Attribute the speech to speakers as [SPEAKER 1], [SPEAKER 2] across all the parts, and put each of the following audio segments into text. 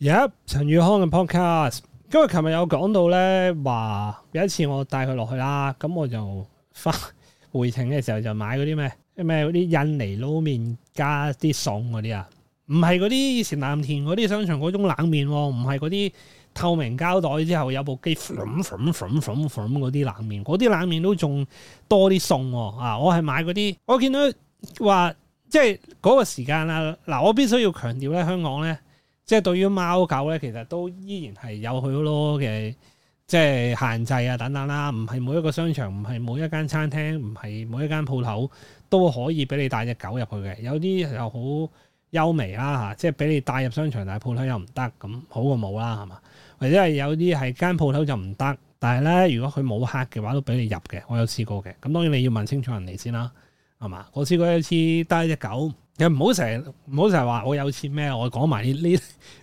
[SPEAKER 1] Yep, 陳天天有陳宇康嘅 podcast，今日琴日有講到咧，話有一次我帶佢落去啦，咁我就翻回程嘅時候就買嗰啲咩咩嗰啲印尼撈麵加啲餸嗰啲啊，唔係嗰啲以前藍田嗰啲商場嗰種冷麵，唔係嗰啲透明膠袋之後有部機 from from from from from 嗰啲冷麵，嗰啲冷麵都仲多啲餸啊！我係買嗰啲，我見到話即係嗰個時間啦，嗱我必須要強調咧，香港咧。即係對於貓狗咧，其實都依然係有佢好多嘅即係限制啊等等啦。唔係每一個商場，唔係每一間餐廳，唔係每一間鋪頭都可以俾你帶隻狗入去嘅。有啲又好優美啦嚇，即係俾你帶入商場，但係鋪頭又唔得咁，好過冇啦係嘛？或者係有啲係間鋪頭就唔得，但係咧如果佢冇客嘅話，都俾你入嘅。我有試過嘅。咁當然你要問清楚人哋先啦，係嘛？我試過一次帶一隻狗。又唔好成唔好成日話我有錢咩？我講埋呢呢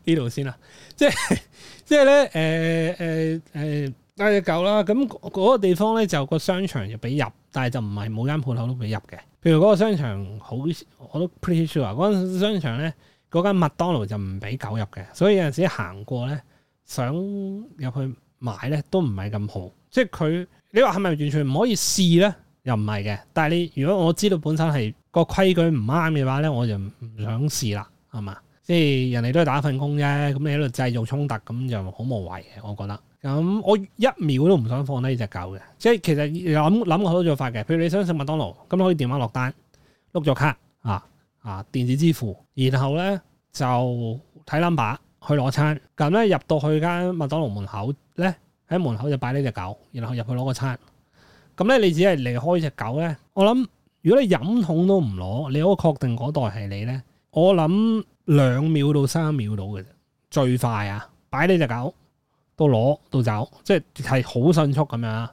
[SPEAKER 1] 呢度先啦。即係即係咧，誒誒誒，帶、呃、隻、呃、狗啦。咁嗰個地方咧就個商場就俾入，但係就唔係每間鋪頭都俾入嘅。譬如嗰個商場好，我都 pretty sure 嗰個商場咧，嗰間麥當勞就唔俾狗入嘅。所以有陣時行過咧，想入去買咧都唔係咁好。即係佢，你話係咪完全唔可以試咧？又唔係嘅，但係你如果我知道本身係個規矩唔啱嘅話咧，我就唔想試啦，係嘛？即係人哋都係打份工啫，咁你喺度製造衝突咁就好無謂嘅，我覺得。咁我一秒都唔想放低呢隻狗嘅，即係其實諗諗過好多做法嘅，譬如你想食麥當勞，咁可以電話落單，碌咗卡啊啊電子支付，然後咧就睇 number 去攞餐，咁咧入到去間麥當勞門口咧，喺門口就擺呢隻狗，然後入去攞個餐。咁咧，你只係離開隻狗咧，我諗如果你飲筒都唔攞，你可確定嗰袋係你咧？我諗兩秒到三秒到嘅啫，最快啊！擺呢隻狗到攞到走，即係好迅速咁樣。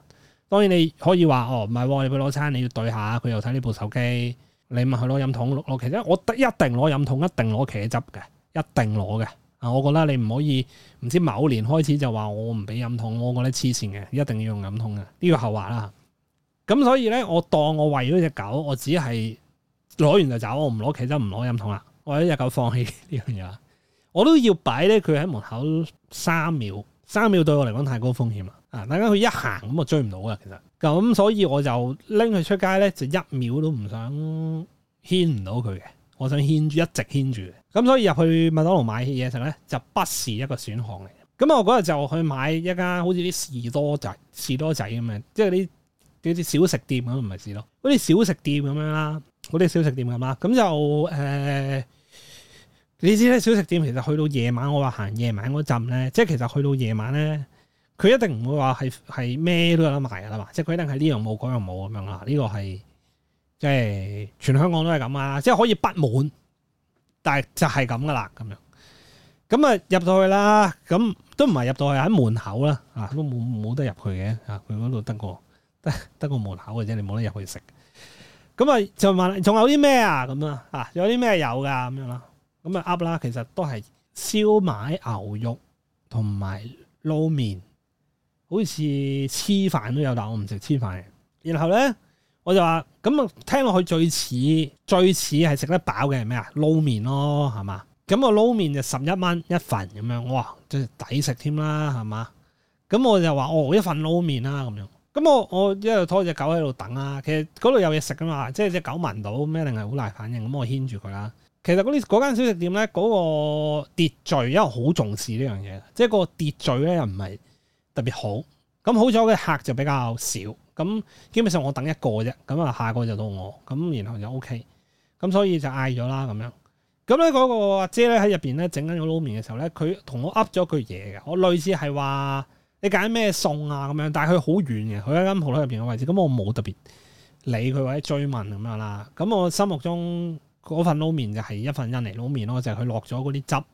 [SPEAKER 1] 當然你可以話哦，唔係、哦、你去攞餐，你要對下佢又睇呢部手機，你咪去攞飲筒攞，其實我一定攞飲筒，一定攞茄汁嘅，一定攞嘅。啊，我覺得你唔可以唔知某年開始就話我唔俾飲筒，我覺得黐線嘅，一定要用飲筒嘅，呢個後話啦。咁所以咧，我當我為咗隻狗，我只係攞完就走，我唔攞其他，唔攞飲筒啦。我一隻狗放棄呢樣嘢，我都要擺咧。佢喺門口三秒，三秒對我嚟講太高風險啦。啊，家間佢一行咁，我追唔到噶。其實咁，所以我就拎佢出街咧，就一秒都唔想牽唔到佢嘅。我想牽住，一直牽住。咁所以入去麥當勞買嘢嘅時候咧，就不是一個選項嚟。咁我嗰日就去買一間好似啲士多仔，士多仔咁樣，即係啲。啲啲小食店咁唔係事咯，嗰啲小食店咁樣啦，嗰啲小食店咁啦，咁就誒、呃，你知啦，小食店其實去到夜晚，我話行夜晚嗰陣咧，即係其實去到夜晚咧，佢一定唔會話係咩都有得賣㗎嘛，即係佢一定係呢樣冇，嗰樣冇咁樣啦。呢個係即係全香港都係咁啊，即係可以不滿，但係就係咁噶啦，咁樣。咁啊入到去啦，咁都唔係入到去喺門口啦，啊都冇冇得入去嘅，啊佢嗰度得過。得個個門口嘅啫，你冇得入去食。咁啊，就問仲有啲咩啊？咁啊，啊有啲咩有噶咁樣啦。咁啊，噏啦，其實都係燒賣、牛肉同埋撈麵，好似黐飯都有，但我唔食黐飯嘅。然後咧，我就話咁啊，聽落去最似最似係食得飽嘅係咩啊？撈麵咯，係嘛？咁個撈麵就十一蚊一份咁樣，哇，即係抵食添啦，係嘛？咁我就話，哦，一份撈麵啦，咁樣。咁我我一度拖隻狗喺度等啊，其實嗰度有嘢食噶嘛，即係隻狗聞到咩定係好大反應，咁我牽住佢啦。其實嗰啲嗰間小食店咧，嗰、嗰個秩序因為好重視呢樣嘢，即係個秩序咧又唔係特別好。咁好彩嘅客就比較少，咁基本上我等一個啫，咁啊下個就到我，咁然後就 O K。咁所以就嗌咗啦咁樣。咁咧嗰個阿姐咧喺入面咧整緊個撈麵嘅時候咧，佢同我噏咗句嘢嘅，我類似係話。你揀咩餸啊？咁樣，但係佢好遠嘅，佢喺間鋪頭入邊嘅位置。咁我冇特別理佢或者追問咁樣啦。咁我心目中嗰份撈麵就係一份印尼撈麵咯，就係佢落咗嗰啲汁，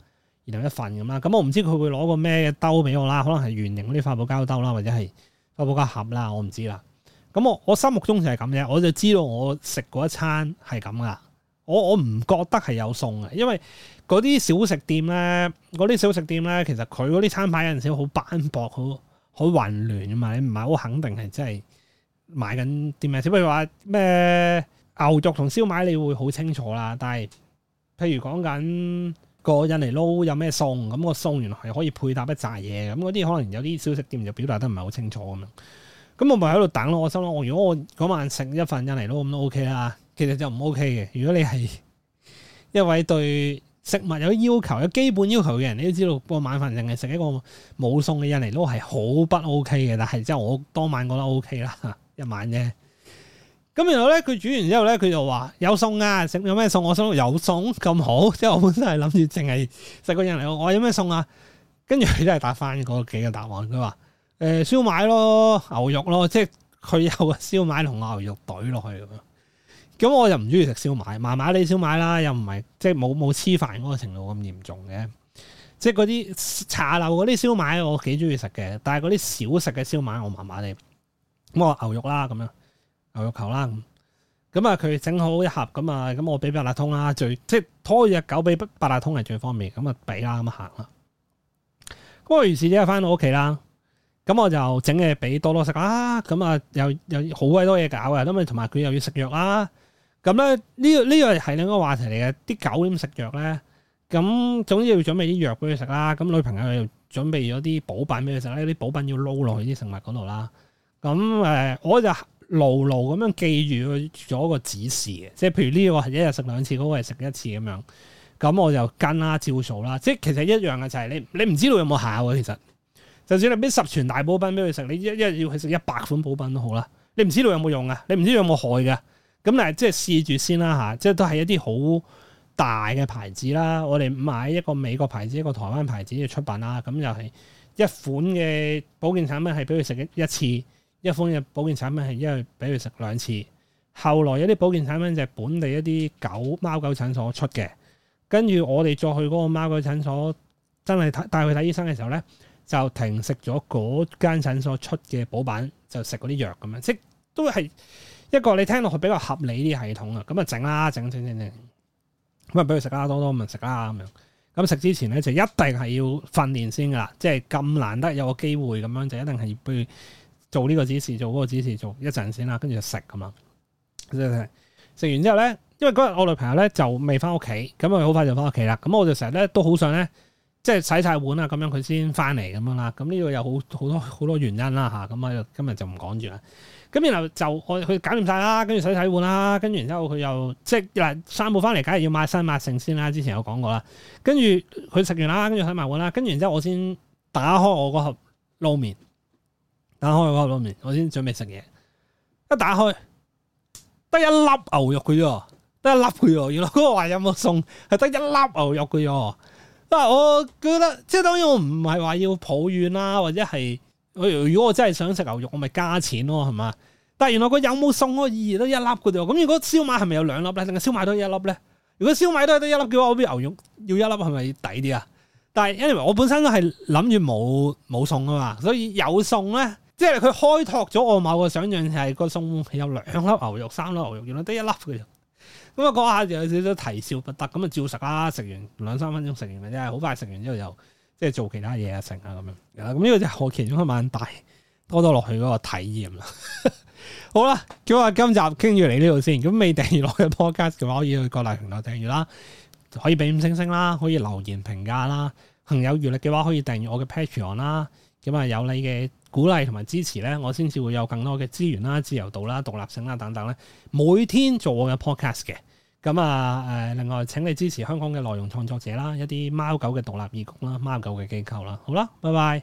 [SPEAKER 1] 然後一份咁啦。咁我唔知佢會攞個咩兜俾我啦，可能係圓形嗰啲發泡膠兜啦，或者係發泡膠盒啦，我唔知啦。咁我我心目中就係咁嘅。我就知道我食嗰一餐係咁噶。我我唔覺得係有餸嘅，因為嗰啲小食店咧，嗰啲小食店咧，其實佢嗰啲餐牌有陣時好斑駁，好好混亂啊嘛！你唔係好肯定係真係買緊啲咩？不如話咩牛肉同燒賣，你會好清楚啦。但係譬如講緊個印尼撈有咩餸，咁個餸原來係可以配搭一紮嘢，咁嗰啲可能有啲小食店就表達得唔係好清楚咁樣。咁我咪喺度等咯。我心諗，我如果我嗰晚食一份印尼撈，咁都 OK 啦。其實就唔 OK 嘅。如果你係一位對食物有要求、有基本要求嘅人，你都知道個晚飯淨係食一個冇餸嘅印尼撈，都係好不 OK 嘅。但係即係我當晚覺得 OK 啦，一晚啫。咁然後咧，佢煮完之後咧，佢就話有餸啊，食有咩餸？我想有餸咁好。即係我本身係諗住淨係食個印尼，我話有咩餸啊？跟住佢都係答翻嗰幾個答案。佢話誒，燒、呃、賣咯，牛肉咯，即係佢有個燒賣同牛肉懟落去。咁我又唔中意食燒賣，麻麻地燒賣啦，又唔係即係冇冇黐飯嗰個程度咁嚴重嘅，即係嗰啲茶樓嗰啲燒賣我幾中意食嘅，但係嗰啲小食嘅燒賣我麻麻地。咁我牛肉啦咁樣，牛肉球啦咁，咁啊佢整好一盒咁啊，咁我俾八達通啦最，即係拖隻狗俾八達通係最方便，咁啊俾啦咁行啦。咁我如是之後翻到屋企啦，咁我就整嘢俾多多食啦，咁啊又又好鬼多嘢搞嘅，咁啊同埋佢又要食藥啦。咁咧，呢個呢個係另一個話題嚟嘅，啲狗點食藥咧？咁總之要準備啲藥俾佢食啦。咁女朋友又準備咗啲補品俾佢食啦。啲補品要撈落去啲食物嗰度啦。咁、嗯、誒，我就牢牢咁樣記住佢做一個指示嘅，即係譬如呢，呢個係一日食兩次，嗰，嗰個係食一次咁樣。咁我就跟啦，照做啦。即係其實一樣嘅，就是就係你你唔知道有冇效嘅。其實，就算你俾十全大補品俾佢食，你一一日要佢食一百款補品都好啦，你唔知道有冇用啊，你唔知道有冇害嘅。咁但係即係試住先啦吓，即係都係一啲好大嘅牌子啦。我哋買一個美國牌子，一個台灣牌子嘅出品啦。咁又係一款嘅保健產品係俾佢食一次，一款嘅保健產品係因為俾佢食兩次。後來有啲保健產品就係本地一啲狗貓、貓狗診所出嘅。跟住我哋再去嗰個貓狗診所，真係睇帶佢睇醫生嘅時候咧，就停食咗嗰間診所出嘅補品，就食嗰啲藥咁樣，即都係。一個你聽落去比較合理啲系統就啊，咁啊整啦，整整整，咁啊俾佢食啦，多多咁啊食啦咁樣。咁食之前咧就一定係要訓練先噶啦，即係咁難得有個機會咁樣就一定係要做呢個指示，做嗰個指示做一陣先啦，跟住就食噶嘛。食完之後咧，因為嗰日我女朋友咧就未翻屋企，咁佢好快就翻屋企啦。咁我就成日咧都好想咧，即係洗晒碗啊，咁樣佢先翻嚟咁樣啦。咁呢個有好好多好多原因啦吓，咁啊今日就唔講住啦。咁然後就我去搞掂晒啦，跟住洗洗碗啦，跟住然之後佢又即係嗱散步翻嚟，梗係要抹身抹腥先啦。之前有講過啦，跟住佢食完啦，跟住洗埋碗啦，跟住然之後我先打開我嗰盒撈麵，打開我嗰盒撈麵，我先準備食嘢。一打開得一粒牛肉佢咋喎，得一粒佢咋喎。原來嗰個話有冇餸係得一粒牛肉嘅喎。啊，我覺得即係當然我唔係話要抱怨啦，或者係。如果我真係想食牛肉，我咪加錢咯，係嘛？但係原來佢有冇送我二都一粒嘅？咁如果燒賣係咪有兩粒咧？定係燒賣都一粒咧？如果燒賣都係得一粒嘅話，我啲牛肉要一粒係咪抵啲啊？但係因為我本身都係諗住冇冇送啊嘛，所以有送咧，即係佢開拓咗我某個想象係個送有兩粒牛肉，三粒牛肉，原來得一粒嘅啫。咁啊，嗰下就有少少啼笑不得。咁啊，照食啦，食完兩三分鐘，食完咪真係好快食完，很快吃完之後又。即係做其他嘢啊，成啊咁樣咁呢個就係我其中一個大多多落去嗰個體驗啦。 好啦，叫阿今集傾住嚟呢度先。咁未訂閱落嘅 Podcast 嘅話，可以去各大平台訂閱啦。可以俾五星星啦，可以留言評價啦。行有餘力嘅話，可以訂閱我嘅 Patreon 啦。咁啊，有你嘅鼓勵同埋支持咧，我先至會有更多嘅資源啦、自由度啦、獨立性啦等等咧。每天做我嘅 Podcast 嘅。咁啊，另外請你支持香港嘅內容創作者啦，一啲貓狗嘅獨立義工啦，貓狗嘅機構啦，好啦，拜拜。